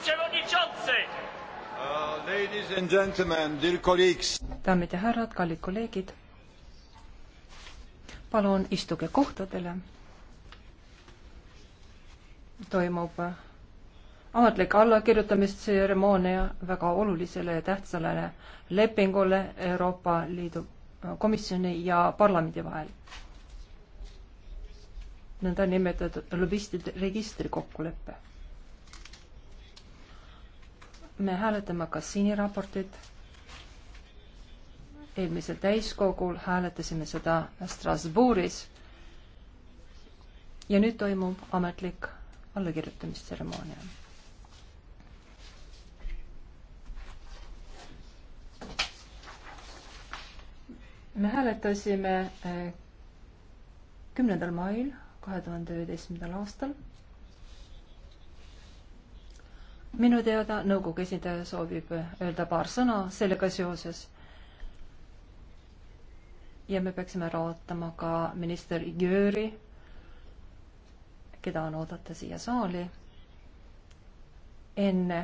Uh, daamid ja härrad, kallid kolleegid. palun istuge kohtadele. toimub ametlik allakirjutamistseremoonia väga olulisele ja tähtsale lepingule Euroopa Liidu komisjoni ja parlamendi vahel. nõndanimetatud lobistide registri kokkulepe me hääletame Kassiini raportit. eelmisel täiskogul hääletasime seda Strasbourgis. ja nüüd toimub ametlik allakirjutamistseremoonia. me hääletasime eh, kümnendal mail kahe tuhande üheteistkümnendal aastal minu teada nõukogu esindaja soovib öelda paar sõna sellega seoses. ja me peaksime ära ootama ka minister Jüri, keda on oodata siia saali enne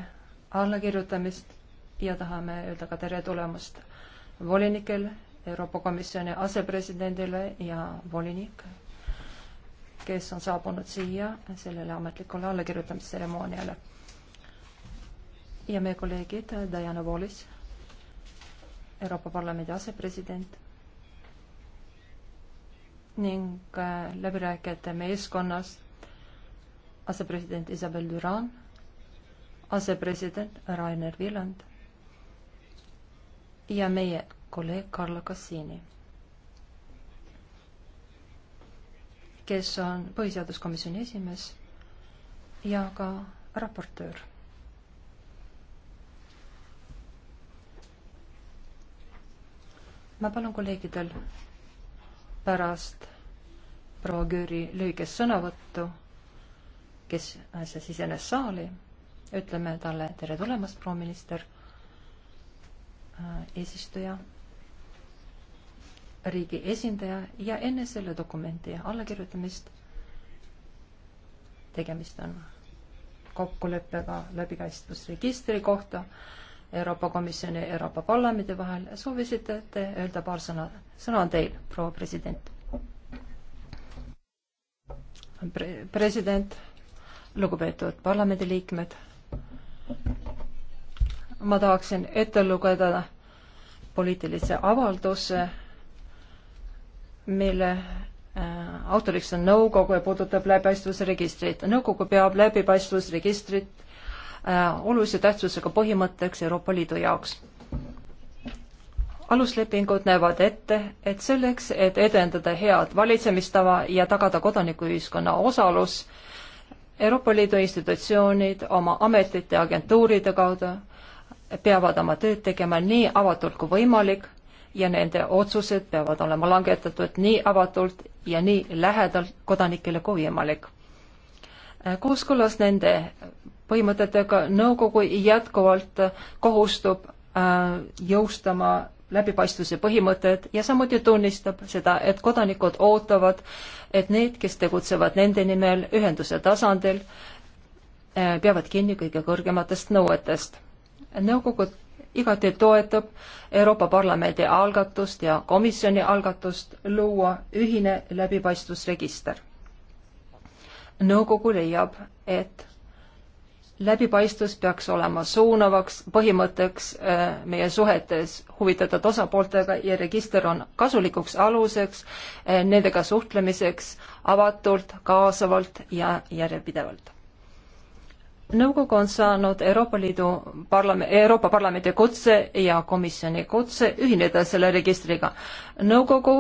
allakirjutamist ja tahame öelda ka tere tulemast volinikel, Euroopa Komisjoni asepresidendile ja volinik, kes on saabunud siia sellele ametlikule allakirjutamistseremooniale ja meie kolleegid äh, Diana Wallis, Euroopa Parlamendi asepresident ning äh, läbirääkijate meeskonnas asepresident Isabel Duran, asepresident Rainer Viland ja meie kolleeg Carlo Cassini, kes on põhiseaduskomisjoni esimees ja ka raportöör ma palun kolleegidel pärast proua Kööri lühikest sõnavõttu, kes äsja sisenes saali, ütleme talle tere tulemast, proua minister, äh, eesistuja, riigi esindaja ja enne selle dokumendi allakirjutamist tegemist on kokkuleppega läbipaistvusregistri kohta Euroopa Komisjoni ja Euroopa Parlamendi vahel. soovisite te öelda paar sõna? sõna on teil, proua president Pre. president, lugupeetud parlamendiliikmed, ma tahaksin ette lugeda poliitilise avalduse, mille äh, autoriks on nõukogu ja puudutab läbipaistvusregistrit. nõukogu peab läbipaistvusregistrit Äh, olulise tähtsusega põhimõtteks Euroopa Liidu jaoks. aluslepingud näevad ette, et selleks, et edendada head valitsemistava ja tagada kodanikuühiskonna osalus, Euroopa Liidu institutsioonid oma ametite ja agentuuride kaudu peavad oma tööd tegema nii avatult kui võimalik ja nende otsused peavad olema langetatud nii avatult ja nii lähedalt kodanikele kui võimalik. kooskõlas nende põhimõtetega nõukogu jätkuvalt kohustub äh, jõustama läbipaistvuse põhimõtted ja samuti tunnistab seda, et kodanikud ootavad, et need, kes tegutsevad nende nimel ühenduse tasandil, äh, peavad kinni kõige kõrgematest nõuetest. nõukogu igati toetab Euroopa Parlamendi algatust ja komisjoni algatust luua ühine läbipaistvusregister. nõukogu leiab, et läbipaistvus peaks olema suunavaks põhimõtteks äh, meie suhetes huvitatud osapooltega ja register on kasulikuks aluseks äh, nendega suhtlemiseks avatult, kaasavalt ja järjepidevalt. nõukogu on saanud Euroopa Liidu parlament, Euroopa Parlamendi kutse ja komisjoni kutse ühineda selle registriga. nõukogu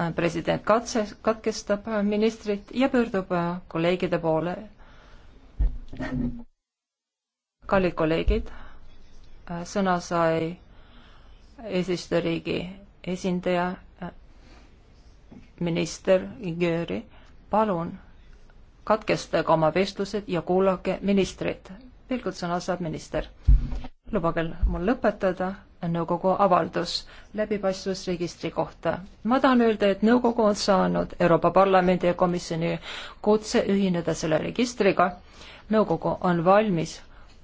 äh, president katse, katkestab ministrit ja pöördub kolleegide poole kallid kolleegid, äh, sõna sai eesistujariigi esindaja, äh, minister Jüri, palun katkestage oma vestlused ja kuulake ministrit. veel kord sõna saab minister. lubage mul lõpetada nõukogu avaldus läbipaistvusregistri kohta. ma tahan öelda, et nõukogu on saanud Euroopa Parlamendi ja komisjoni kutse ühineda selle registriga nõukogu on valmis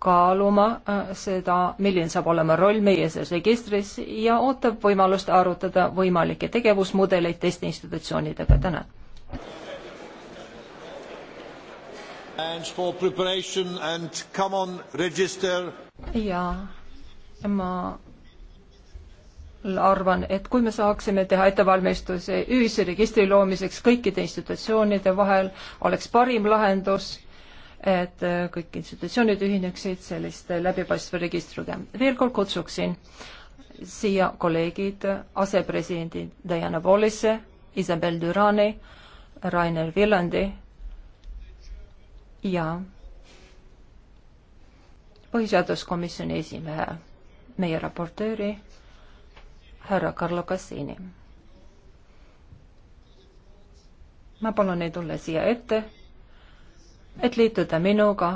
kaaluma äh, seda, milline saab olema roll meie selles registris ja ootab võimalust arutada võimalikke tegevusmudeleid teiste institutsioonidega. tänan. ja ma arvan, et kui me saaksime teha ettevalmistuse ühise registri loomiseks kõikide institutsioonide vahel, oleks parim lahendus et äh, kõik institutsioonid ühineksid selliste läbipaistva registriga. veel kord kutsuksin siia kolleegid, asepresidendid Diana Wallace, Isabel Durani, Rainer Villandi ja põhiseaduskomisjoni esimehe, meie raportööri härra Carlo Cassini. ma palun neid tulla siia ette et liituda minuga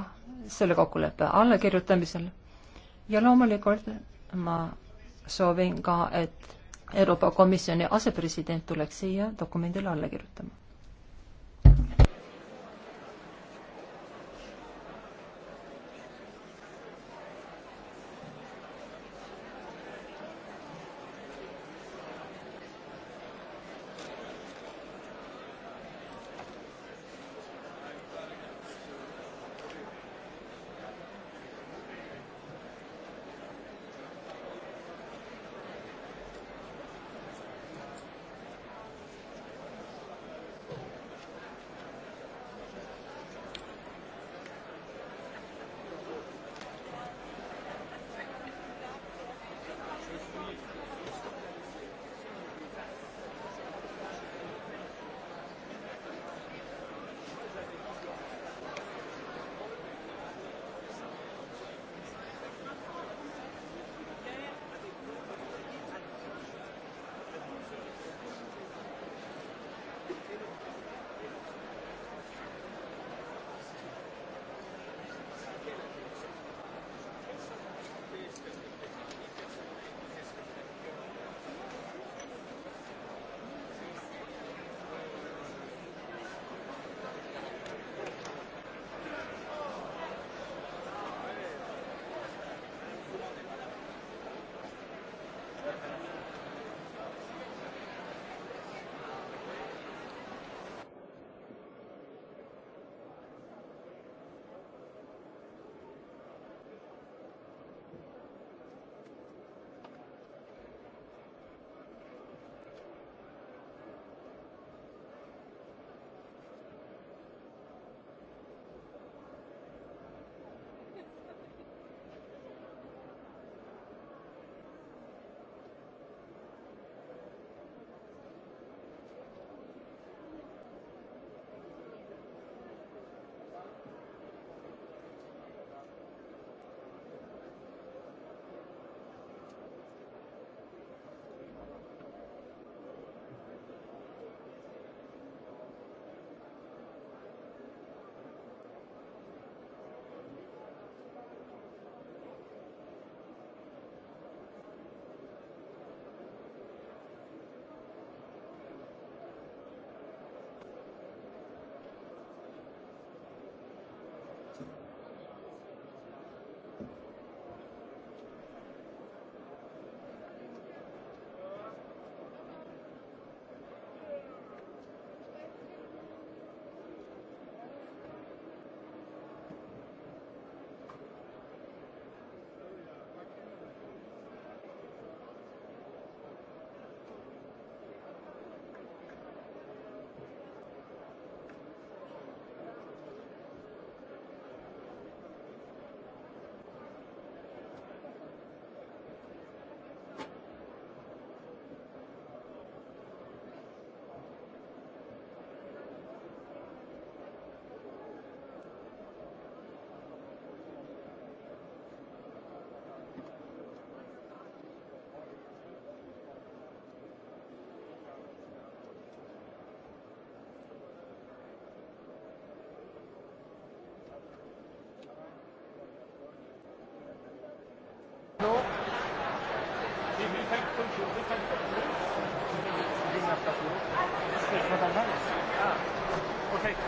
selle kokkuleppe allakirjutamisel ja loomulikult ma soovin ka, et Euroopa Komisjoni asepresident tuleks siia dokumendile alla kirjutama Perfect.